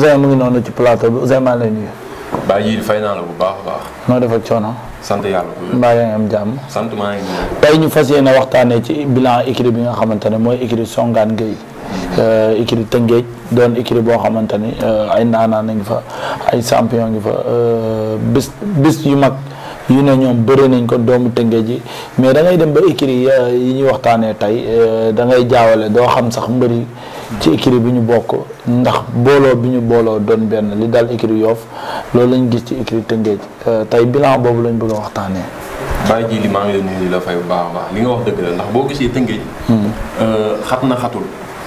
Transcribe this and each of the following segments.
Ouzin mu ngi noonu ci plateau bi Ouzin maa ngi lay nuyu. Baye Djily fay baax yàlla bu yaa ngi am jàmm. sant maa tey ñu fas yéene waxtaanee ci bilan écurie bi nga xamante ne mooy écurie Songane Gueye. Euh, écurie Tëngéej doon écurie boo xamante ni euh, ay ndaanaan nañ fa ay champion ngi fa euh, bis bis yu mag yu ne ñoom bëri nañ ko doomu Tëngéej ji mais da ngay dem ba écurie yi ñuy waxtaanee tey da ngay jaawale doo xam sax mbëri ci écurie bi ñu bokk ndax booloo bi ñu booloo doon benn li daal écurie Yoff loolu lañ gis ci écurie Tëngéej euh, tey bilan boobu lañ bëgg a waxtaanee. bàyyi ji li maa ngi leen di la fay bu baax baax li nga wax dëgg la ndax boo gisee Tëngéej. Hmm. Euh, xat na xatul.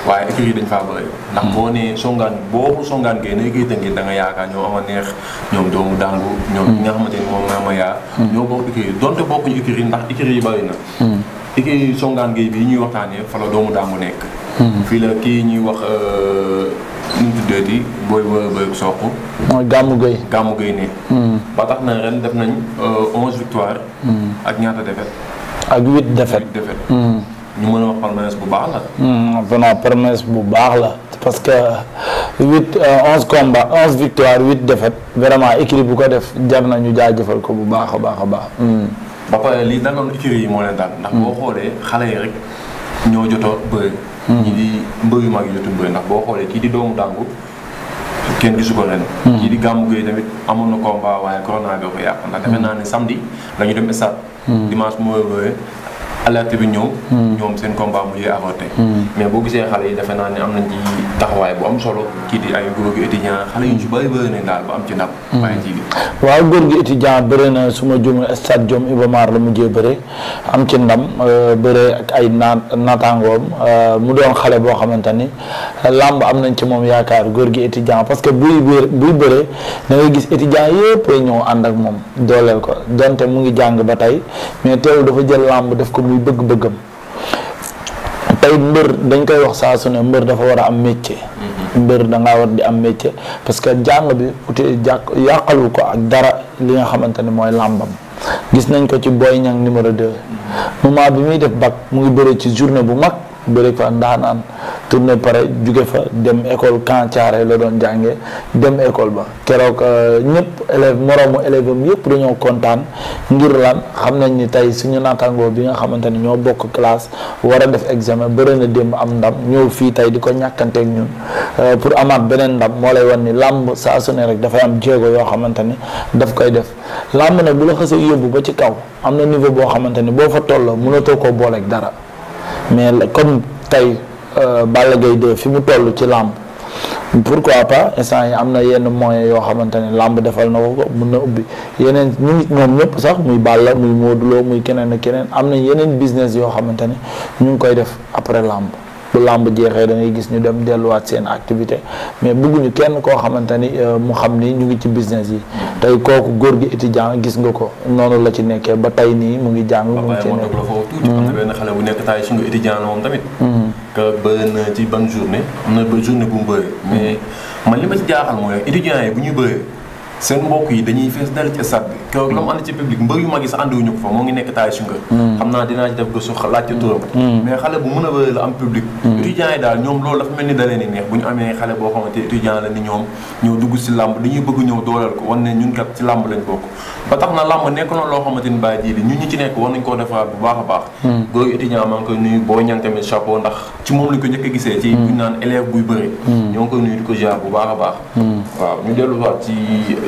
waaye écurie yi dañ faa bëri ndax boo nee songaan boobu songaan gay na écurie Tëngéej da nga yaakaar ñoo ama neex ñoom doomu dàngu ñoom ñi nga xamante ni moom ama yaa hmm. ñoo bokk écurie yi donte bokkuñu écurie yi ndax écurie yi bëri na hmm. écurie songaan gay bi ñuy waxtaanee fa la doomu dàngu nekk Mm-hmm. fii la kii ñuy wax euh, nu mu tuddati booy booy booy gàmmu gay. gàmmu gay ne. Mm-hmm. ba tax na ren def nañ euh, onze victoire. Mm-hmm. ak ñaata défaite. ak huit défaite huit ñu mën a wax promesse bu baax la. vraiment bu baax la parce que euh, huit onze combats onze victoire huit defet vraiment équipe bu ko def jar na ñu jaajëfal ko bu baax a baax a baax. ba pare lii daloon écurie yi moo leen daal. ndax moo xoolee xale yi rek ñoo jotoo bëri. Hmm. ñi di mbër yu mag yi jotul bëri ndax boo xoolee kii di doomu dàngu kenn gisu ko ren. Hmm. kii di gàmmu gëy tamit amoon na combat waaye corona bi ko yàq ndax defe hmm. naa ne samedi la ñu dem stade. dimanche bu ma alerte bi ñëw. Hmm. ñoom seen combat mujjee avorté. Hmm. mais boo gisee xale yi defe naa ne am nañ ci taxawaay bu am solo kii di ba am ndam. Hmm. waaye ji bi waaw góor gi na su ma jum stade Jom Iba Mar la mujjee bëri am ci ndam euh, bëri ak ay naat naataangoom euh, mu doon xale boo xamante ni làmb am nañ ci moom yaakaar góor gi étudiant parce que buy buy buy bëre da ngay gis étudiant yëpp ñëw ànd ak moom dooleel ko donte mu ngi jàng ba tey mais teewul dafa jël làmb def ko. muy bëgg-bëggam tey mbër dañ koy wax saasu ne mbër dafa war a am métier. Mm-hmm. mbër da ngaa war di am métier parce que jàng bi ute jàq yàqalu ko ak dara li nga xamante ne mooy làmbam gis nañ ko ci Boy Niang numéro 2 mm-hmm. moment bi muy def bac mu ngi bëre ci journée bu mag. bëri fa ndaanaan tourné pare juge fa dem école Camp la doon jànge dem école ba keroog euh, ñëpp élève moroomu élève yëpp dañoo kontaan ngir lan xam nañ ni tey suñu naataangoo bi nga xamante ni ñoo bokk classe war a def examen bëri na démb am ndam ñëw fii tey di ko ñàkkanteeg ñun euh, pour amaat beneen ndam moo lay wan ni làmb saa su ne rek dafay am jéego yoo xamante ni daf koy def làmb nag bu la xasee yóbbu ba ci kaw am na niveau boo xamante ni boo fa toll mënatoo koo booleeg dara mais comme tey euh, Balla Gaye 2 fi mu toll ci làmb pourquoi pas instant am na yenn moyens yoo xamante ne làmb defal na ko mun na ubbi yeneen ñu ngi ñoom ñëpp sax muy Balla muy Modou Lo muy keneen ak keneen am na yeneen business yoo xamante ne ñu ngi koy def après làmb bu làmb jeexee da gis ñu dem delluwaat seen activité mais bëgguñu kenn koo xamante ni euh, mu xam ni ñu ngi ci business yi tey kooku góor gi étudiant gis nga ko noonu la ci nekkee ba tey nii mu ngi jàng mu ngi ci nekk foofu tuuti am na mm-hmm. xale bu nekk taay suñu étudiant la moom tamit mm-hmm. que bëri journée ba journée bu mu bëri mais man li ma ci jaaxal mooy étudiant bu ñu bëree seen mbokk yi dañuy fees dal ci stade bi keroog la mu ànd ci public mbër yu mag yi sa àndiwuñu ko fa moo ngi nekk taay sunga mm. xam mm. a wër la am public mm. étudiants daal ñoom loolu dafa mel ni dalee ni neex bu ñu amee xale boo xamante étudiant la ni ñoom ñëw dugg si làmb dañuy bëgg ñëw dooleel ko wan ne ñun kat ci làmb lañ bokk ba tax na làmb nekk na ñun ñi ci nekk war nañ koo defaraat bu baax a baax góor étudiant maa ngi koy ci moom lañ ko njëkk a bu baax a baax waaw ñu delluwaat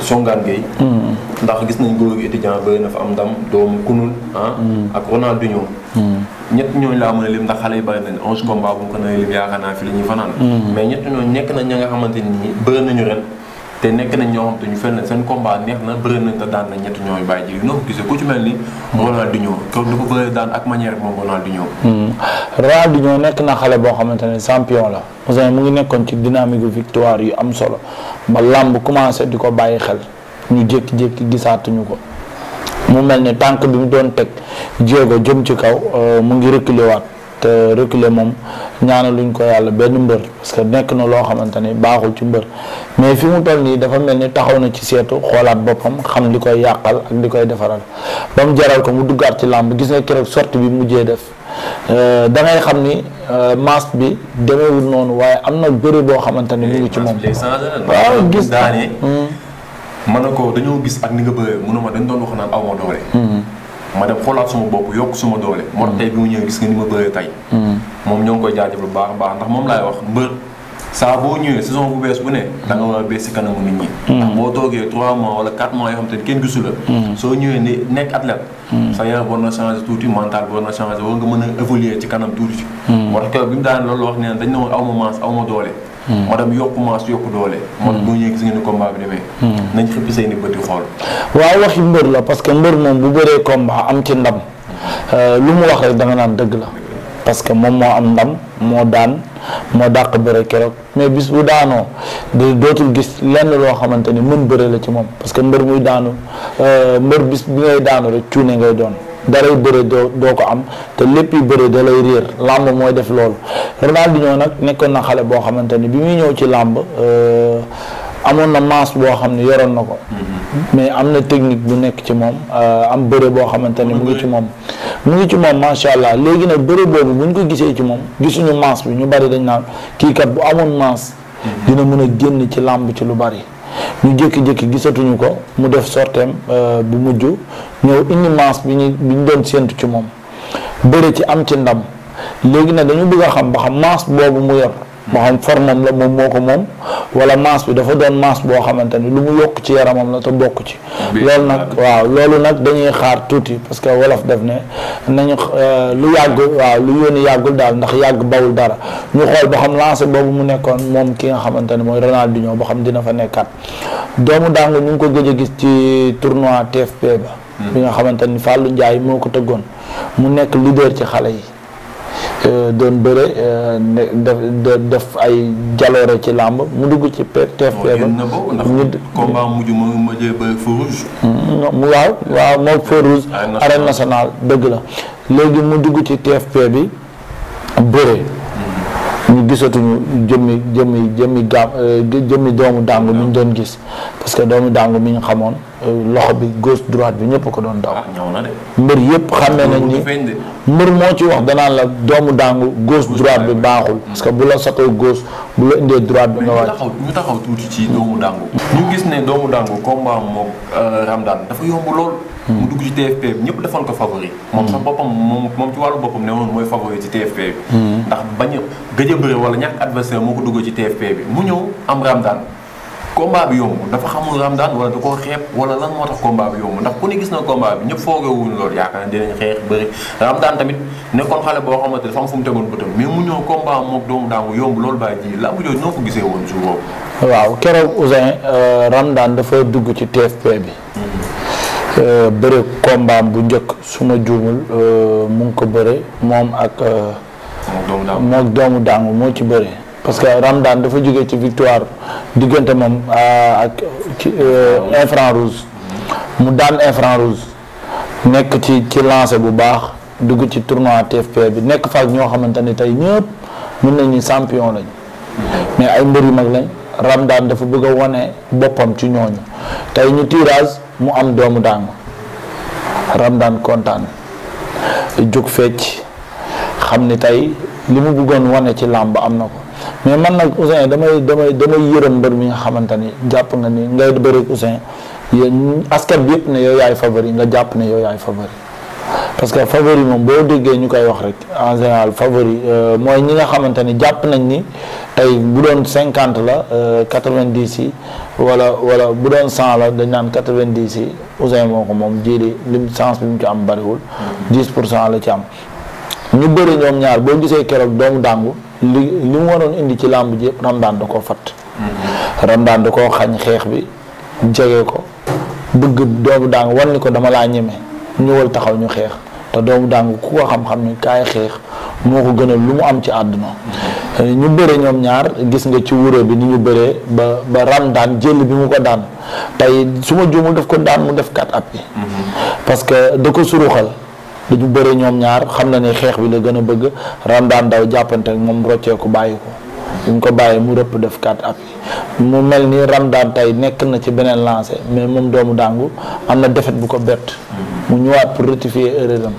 Songane Gueye ndax gis nañ góor gi étudiant bëri na fa am ndam doomu kunul ah mm. ak Ronaldinho mm. ñett ñooñu laa mën a lim ndax xale yi bëri nañ onze combat bu mu ko na lim yaakaar naa fi la fanaan mm. mais ñett ñooñu nekk nañ ña nga xamante ni bëri nañu ren te nekk nañ ñoo xam te ñu fel na seen combat neex na bëri nañ te daan na ñetti ñooy bàyyi ji li nga gisee ku ci mel ni Ronaldinho keroog dafa bëri daan ak manière bi moom Ronaldinho hmm. Ronaldinho nekk na xale boo xamante ne champion la Ousmane mu ngi nekkoon ci dynamique victoire yu am solo ba làmb commencé di ko bàyyi xel ñu jékki-jékki gisaatuñu ko mu mel ni tànk bi mu doon teg jéego jëm ci kaw euh, mu ngi reculer te reculer moom ñaanaluñ ko yàlla benn mbër parce que nekk na loo xamante ni baaxul ci mbër mais fi mu toll nii dafa mel ni taxaw na ci seetu xoolaat boppam xam li koy yàqal ak li koy defaral ba mu jaral ko mu duggaat ci làmb gis nga keroog sortie bi mujjee def euh, da ngay xam ni euh, masse bi demeewul noonu waaye am na bëri boo xamante ni mu ngi ci moom. waaw gis naa ne. Hmm. mën na ko dañoo gis ak ni nga bëree mënuma dañ doon wax naan aw ma hmm. ma dem xoolaat suma bopp yokk suma doole. moo tax tey bi mu ñëwee gis nga ni ma bëree tey. Hmm. moom ñoo ngi koy jaajëf lu baax a baax ndax moom laay wax mbër saa boo ñëwee saison bu bees bu ne. da nga war a bees si kanamu nit ñi. Hmm. ndax boo toogee 3 mois wala 4 mois yoo xam te kenn gisu la. Hmm. soo ñëwee ni nekk athlète. sa yaram war na changé tuuti mental war na changé war nga mën a évoluer ci kanam tuuti. moo tax keroog bi mu daan loolu wax ne dañ ne woon aw ma aw ma dem yokku doole. man bu ñëwee gis nga ni combat nañ xippi seen i bët xool. waaw waxi mbër la parce que mbër moom bu bëree combat am ci ndam euh, lu mu wax rek da nga naan dëgg la parce que moom moo am ndam moo daan moo dàq bëre keroog mais bis bu daanoo di dootul gis lenn loo xamante ni mën bëre la ci moom parce que mbër muy daanu euh, mbër bis bi ngay daanu rek cuune ngay doon. dalay bëre doo doo ko am te lépp yu bëre dalay réer làmb mooy def loolu Ronaldinho nag nekkoon na xale boo xamante ni bi muy ñëw ci làmb euh, amoon na masse boo xam ne yoroon na ko mm-hmm. mais am na technique bu nekk ci moom euh, am bëre boo xamante ni mu ngi ci moom mu ngi ci moom macha allah léegi nag bëre boobu bu ñu ko gisee ci moom gisuñu masse bi ñu bari dañ naan kii kat bu amoon masse mm-hmm. dina mën a génn ci làmb ci lu bari ñu jékki-jékki gisatuñu ko mu def sorteem euh, bu mujj ñëw indi masse bi ñu doon séentu ci moom bëre ci am ci ndam léegi nag dañu bëgg a xam ba xam masse boobu mu yor moo xam formam la moom moo ko moom wala masse bi dafa doon masse boo xamante ni lu mu yokk ci yaramam la te bokk ci loolu nag waaw loolu nag dañuy xaar tuuti parce que wolof def ne nañu euh, lu yàgg waaw lu yónni yàggul daal ndax yàgg bawul dara ñu xool ba xam lancé boobu mu nekkoon moom ki nga xamante ne mooy Ronaldinho ba xam dina fa nekkaat doomu dàngu mu ngi ko gëj a gis ci tournoi TFP ba hmm. bi nga xamante ni Fallou Ndiaye moo ko tëggoon mu nekk leader ci xale yi Euh, doon bëre euh, ne ay jaloore ci làmb mu dugg ci TFP oh, ba. ñu mm, waaw waaw moom feu rouge. arène nationale dëgg la léegi mu dugg ci TFP bi bëre. Mm-hmm. ñu gisatuñu jëmmi jëmmi jëmmi gam euh, jëmmi doomu dàngu mi ñu doon gis parce que doomu dàngu mi ñu xamoon. loxo bi gauche droite bi ñëpp ko doon daw. Ah, mbër yëpp xamee nañ ni mbër moo ci wax danaan la doomu dàngu gauche droite bi baaxul. parce que bu la sottee gauche bu la indee droite bi nga wàcc. ñu taxaw tuuti ci doomu dàngu. ñu gis ne doomu dàngu combat moom euh, Ramdaan dafa yomb lool. Hmm. mu dugg ci TFP bi ñëpp defoon ko favori. Hmm. moom sax boppam moom ci wàllu boppam ne woon mooy favori ci TFP bi. Hmm. ndax bañ a gëj a bëri wala ñàkk adversaire moo ko dugg ci TFP bi mu ñëw am Ramdaan combat bi yomb dafa xamul Ramdaan wala da koo xeeb wala lan moo tax combat bi ndax ku ne gis na combat bi ñëpp foogeewuñu loolu yaakaar ne dinañ xeex bëri Ramdaan tamit nekkoon xale boo xamante dafa am fu mu tegoon bëtam mais mu ñëw combat mook doomu daangu yomb loolu bàyyi ji làmb jooju noo ko gisee euh, dafa dugg ci TFP bi mm-hmm. euh, bëre combat bu njëkk su ma juumul euh, mu ngi ko bëre moom ak mook doomu daangu moo ci bëre parce que Ramdaan dafa jógee ci victoire diggante moom euh, ak euh, infra rouge mu daan infrant rouge nekk ci ci lancé bu baax dugg ci tournoi TFP bi nekk fa ak ñoo xamante ne tey ñëpp mën nañu champion lañ mais ay mbër yu mag lañ Ramdaan dafa bëgg wane boppam ci ñooñu tey ñu tirage mu am doomu daangu Ramdaan kontaan jóg fecc xam ni tey li mu bëggoon wane ci làmb am na ko mais man nag Ouzin damay damay damay yërëm mbër mi nga xamante ni jàpp nga ni ngay bëri Ouzin yéen askan bi yëpp ne yow yaay favori nga jàpp na yooyu yaay favori parce que favori moom boo déggee ñu koy wax rek en général favori euh, mooy ñi nga xamante ni jàpp nañ ni tey bu doon cinquante la euh, quatre-vingt-dix yi wala wala bu doon cent la dañ naan quatre-vingt-dix yi Ouzin moo ko moom jii li lim chance bi mu ci am bariwul dix pour cent la ci am ñu bëre ñoom ñaar boo gisee keroog doomu dàngu li li mu waroon indi ci làmb ji yëpp ramdaan da koo fat mm-hmm. ramdaan da koo xañ xeex bi jege ko bëgg doomu dàngu wan ni ko dama laa ñeme ñëwal taxaw ñu xeex te doomu dàngu ku ko xam-xam ni kaay xeex moo ko gënal lu mu am ci àdduna mm-hmm. ñu bëre ñoom ñaar gis nga ci wuro bi ni ñu bëree ba ba ram daan jël bi mu ko daan tey su ma juumul daf ko daan mu def kat at bi parce que da ko suruxal dañu bëre ñoom ñaar xam na ne xeex bi la gën a bëgg Ramdaan daw jàppante ak moom roccee ko bàyyi ko bu ñu ko bàyyee mu rëpp def kat ab mu mel ni Ramdaan tey nekk na ci beneen lancé mais moom doomu dàngu am na défaite bu ko bett mu ñëwaat pour rectifier erreur am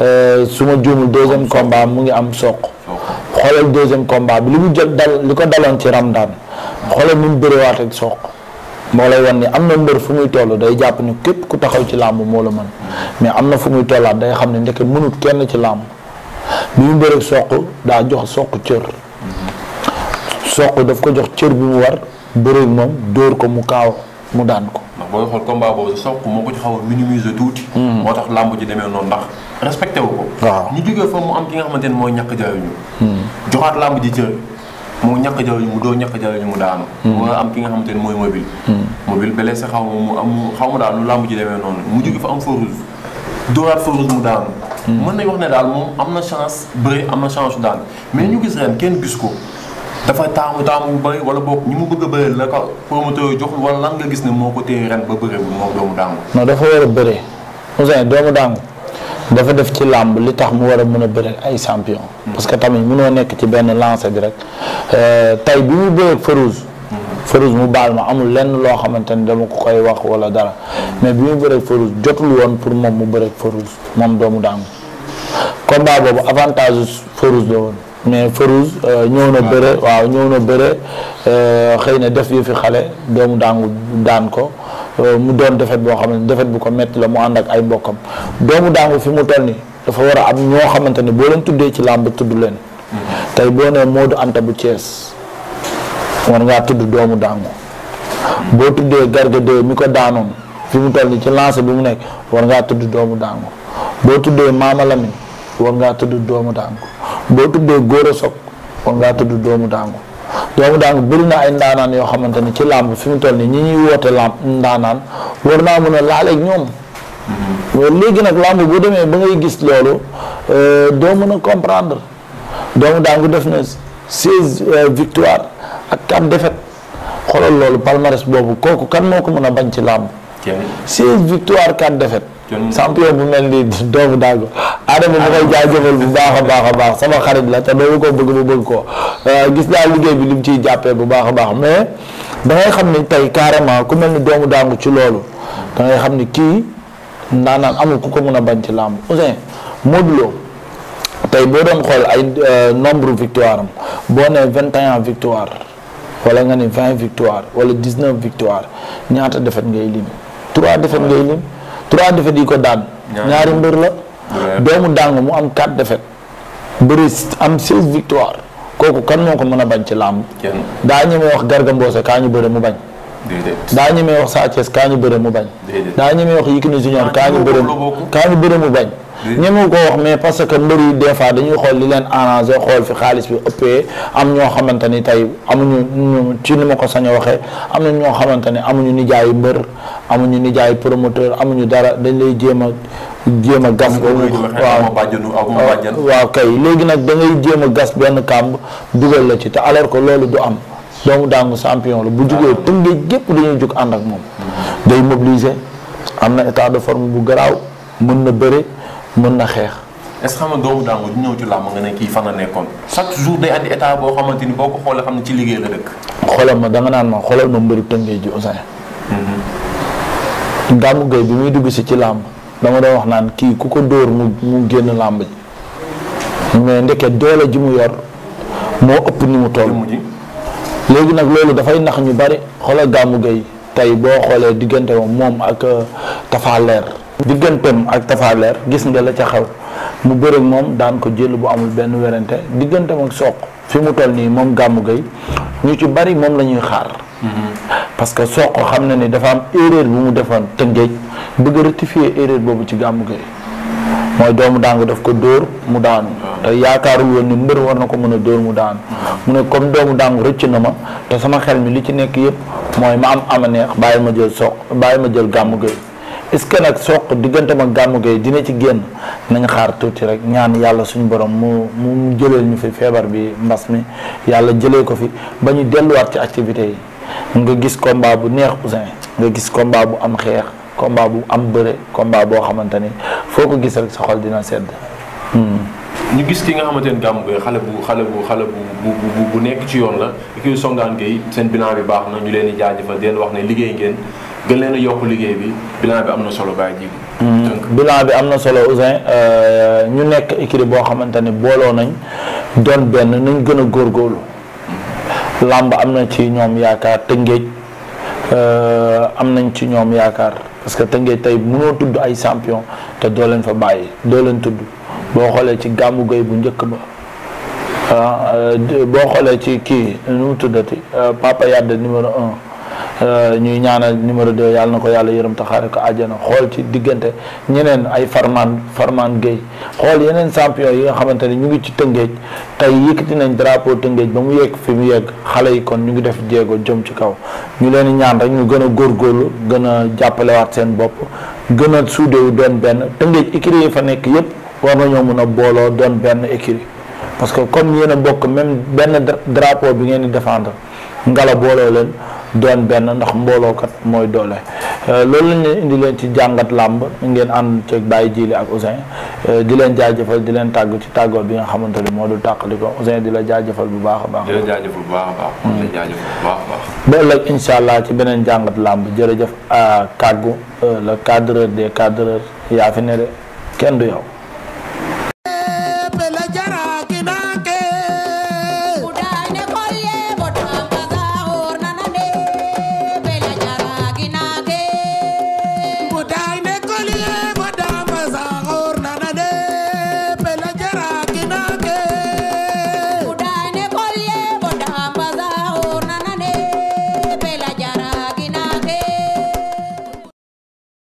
euh, su ma juumul deuxième combat mu ngi am soq xoolal deuxième combat bi li mu jot dal li ko daloon ci Ramdaan xoolal ni mu bëriwaat ak soq moo la wan ni am na mbër fu muy toll day jàpp ni képp ku taxaw ci làmb moo la mën mais am na fu muy tollaat day xam ne ndeke mënut kenn ci làmb bi mu bëreeg soq daa jox soq cër soq daf ko jox cër bi mu war bëreeg moom dóor ko mu kaw mu daan ko. ndax booy xool combat boobu soq moo ko ci xaw a tuuti. Hmm. moo tax làmb ji demee noonu ndax respecté wu ko. waaw ñu jógee fa mu am ki nga xamante ne mooy ñàkk ñu hmm. joxaat làmb ji cër. mu ñàkk jawriñ mu doo ñàkk jawriñ mu daanu nga hmm. am ki nga xamante ne mooy mobile hmm. mobile ba xaw ma mu am xaw ma daal lu làmb ji demee noonu mu jóge fa am feu rouge dooraat feu mu daanu hmm. mën nañ wax ne daal moom am na chance bëri am na chance daan mais ñu gis ren kenn gis ko dafa taamu taamu bu bari wala boog ñu mu bëgg a bëri la ko promoteur yi joxul wala nga gis ne moo ko téye ren ba bëri bu moom doomu daangu non dafa war a bëri Ouzin doomu dafa def ci làmb li tax mu war a mën a bëre ay champion hmm. parce que tamit mënoo nekk ci benn lancé bi rek euh, tey bi mu bëreeg Farouz hmm. Farouz mu baal ma amul lenn loo xamante ni dama ko koy wax wala dara mais bi mu bëreeg Farouz jotul woon pour moom mu bëreeg Farouz moom doomu daangu combat boobu avantage Farouz la woon mais Farouz euh, ñëw na ah. bëre waaw ñëw na euh, xëy na def fi xale doomu dàngu daan ko Euh, mu doon defet boo xam ne defet bu ko metti la mu ànd ak ay mbokkam doomu daangu fi mu toll ni dafa war a am ñoo xamante ne boo leen tuddee ci làmb tudd leen tey boo nee Modou Anta bu Thiès war ngaa tudd doomu daangu boo tuddee Garga de mi daanoon fi mu toll ni ci lancé bi mu nekk war ngaa tudd doomu daangu boo tuddee Maama Lamine war ngaa doomu daangu boo tuddee Gora Sock war ngaa tudd doomu daangu doomu daanaka bëri na ay ndaanaan yoo xamante ne ci làmb fi mu toll nii ñu ñuy woote làmb ndaanaan war naa mën a laaleeg ñoom. léegi nag làmb boo demee ba ngay gis loolu euh, doo mën a comprendre doomu daanaka def na seize euh, victoire ak quatre defet xoolal loolu palmarès boobu kooku kan moo ko mën a bañ ci làmb. seize victoire quatre défaites. champion bu mel ni doomu dàgg Adama ma koy jaajëfal bu baax a baax a baax sama xarit la te doomu ko bëgg mu bëgg ko euh, gis naa liggéey bi li mu ciy jàppee bu baax a baax mais da ngay xam ni tey carrément ku mel ni doomu dàngu ci loolu da ngay xam ni kii ndaanaan amul ku ko mën a bañ ci làmb Ouzin Modou Lo tey boo doon xool ay euh, nombre victoire am boo nee vingt et un victoire wala nga ni vingt victoire wala dix neuf victoire ñaata defet ngay lim trois defet ngay lim. trois défaites yi ko daan. ñaari mbër la. doomu dàng mu am quatre défaites. bëri am seize victoire. kooku kan moo ko mën a bañ ci làmb. daa ñemee wax Garga Mbossé kaa ñu bëre mu bañ. daa ñemee wax Sa Thiès kaa ñu bëre mu bañ. daa ñemee wax Yékini Junior kaa ñu bëre kaa ñu bëre mu bañ. ñi mu ko wax mais parce que mbër yi des fois dañuy xool li leen arrangé xool fi xaalis bi ëppee am ñoo xamante ni tey amuñu ñu ci ni ma ko sañ a waxee am na ñoo xamante ni amuñu nijaayu mbër amuñu nijaayu promoteur amuñu dara dañ lay jéem a jéem a gas waaw waaw kay léegi nag da ngay a gas benn kàmb dugal la ci te alors que loolu du am doomu daangu champion la bu jugee tëngee gépp dañuy jug ànd ak moom mm. day mobiliser am na état de forme bu garaaw mën na bëre mën na xeex. est-ce que xam nga doomu daangu du ñëw ci làmb nga ne kii fan la nekkoon chaque jour day andi état boo xamante ni boo ko xoolee xam ne ci liggéey la dëkk. xoolal ma nga naan ma xoolal ma mbëru tënkee ji Ousseyn. Gamou mhm. bi muy dugg si ci làmb dama doon wax naan kii ku ko dóor mu mu génn làmb ji mais ndeke doole ji mu yor moo ëpp ni mu toll. léegi nag loolu dafay nax ñu bari xoolal Gamou Gueye tey boo xoolee diggante moom ak euh, Tafa Leer. digganteem ak Tafaleer gis nga la ca xew mu bëre moom daan ko jël bu amul benn werante digganteem ak soq fi mu toll nii moom gàmmu gay ñu ci bari moom la ñuy xaar. parce que soq xam na ni dafa am erreur bu mu defoon tëngéej bëgg rectifier erreur boobu ci gàmmu gay mooy doomu daangu daf ko dóor mu daanu te yaakaarul woon ni mbër war na ko mën a dóor mu daanu mu ne comme doomu daangu rëcc na ma te sama xel mi li ci nekk yëpp mooy ma am ama neex bàyyi ma jël soq bàyyi ma jël gàmmu gay est-ce que nag soq diggante ma gàmmu gay dina ci génn nañ xaar tuuti rek ñaan yàlla suñu borom mu mu jële ñu fi feebar bi mbas mi yàlla jële ko fi ba ñu delluwaat ci activité yi nga gis combat bu neex Ouzin nga gis combat bu am xeex komba bu am bëre combat boo xamante ni foo ko gis rek sa dina sedd. Hmm. ñu gis ki nga xamante ne gàmmu gay xale bu xale bu xale bu bu bu nekk ci yoon la kii Songane Gueye seen bilan bi baax na ñu leen di jaajëfal di leen wax ne liggéey ngeen. gën leen a yokk liggéey bi bilan bi am na solo bàyyi ji. Hmm. bi am na solo Ouzin euh, ñu nekk écurie boo xamante ne booloo nañ doon benn nañ gën a góorlu làmb am na ci ñoom yaakaar Tëngéej euh, am nañ ci ñoom yaakaar parce que Tëngéej tey mënoo tudd ay champion te doo leen fa bàyyi doo leen tudd boo xoolee ci gàmmu gay bu njëkk ba. Ah, euh, boo xoolee ci kii nu mu tuddati Papa Yade numéro un. Euh, ñuy ñaanal numéro 2 yàlla na ko yàlla yërëm taxaare ko àjjana xool ci diggante ñeneen ay Farman Farman Gueye xool yeneen champion yi nga xamante ne ñu ngi ci Tëngéej tey yëkkati nañ drapeau Tëngéej ba mu yegg fi mu yegg xale yi kon ñu ngi def jéego jëm ci kaw ñu leen ñaan rek ñu gën a góor góorgóorlu gën a jàppalewaat seen bopp gën a suudewu doon benn Tëngéej écurie yi fa nekk yépp war nañoo mën a booloo doon benn écurie parce que comme yéen bokk même benn drapeau bi ngeen di défendre doon benn ndax mbooloo kat mooy doole euh, loolu lañ leen indi leen ci jàngat làmb ngeen ànd ceeg bàyyi jiili ak Ouzin euh, di leen jaajëfal di leen tàggu ci tàggoor bi nga xamante ni moo du tàqali ko di la jaajëfal bu baax a baax. di a baax. bu baax a baax. Hmm. ëllëg incha allah ci beneen jàngat làmb jërëjëf euh, kàggu le cadreur des cadreurs yaa fi ne de kenn du yow.